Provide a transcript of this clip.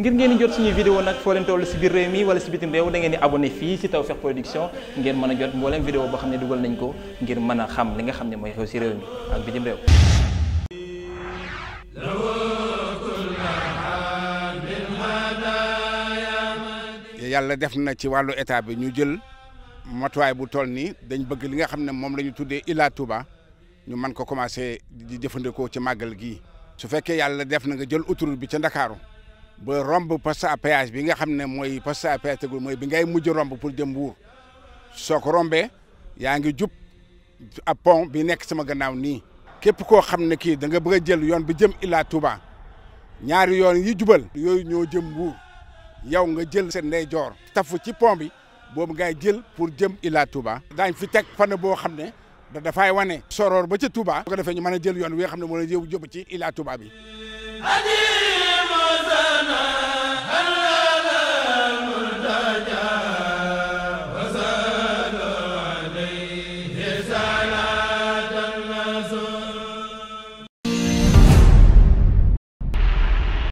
ngir ngeen di jot suñuy vidéo nag foo leen toll si biir réew mi wala si bitim réew da ngeen di abonné fii si Tawfekh Production ngeen mën a jot mboolem vidéo boo xam ne dugal nañ ko ngir mën a xam li nga xam ne mooy xew si réew mi ak bitim def na ci wàllu état bi ñu jël matuwaay bu toll nii dañ bëgg li nga xam ne moom la ñu tuddee Ila Touba ñu mën ko commencé di jëfandikoo ci màggal gii su fekkee yàlla def na nga jël autoroute bi ca Ndakaaru ba romb poste à péage bi nga xam ne mooy poste à péage tegul mooy bi ngay mujj romb pour jëm Mbuur soo ko rombee yaa ngi jub ab pont bi nekk sama gannaaw nii képp koo xam ne kii danga nga bëgg a jël yoon bi jëm Ila Touba ñaari yoon yi jubal yooyu ñoo jëm Mbuur yow nga jël seen ndeyjoor tafu ci pont bi boobu ngay jël pour jëm Ila Touba daañ fi teg fan boo xam ne da dafay wane soroor ba ca Touba ko defee ñu mën a jël yoon wi nga xam ne moo la yóbbu ci Ila Touba bi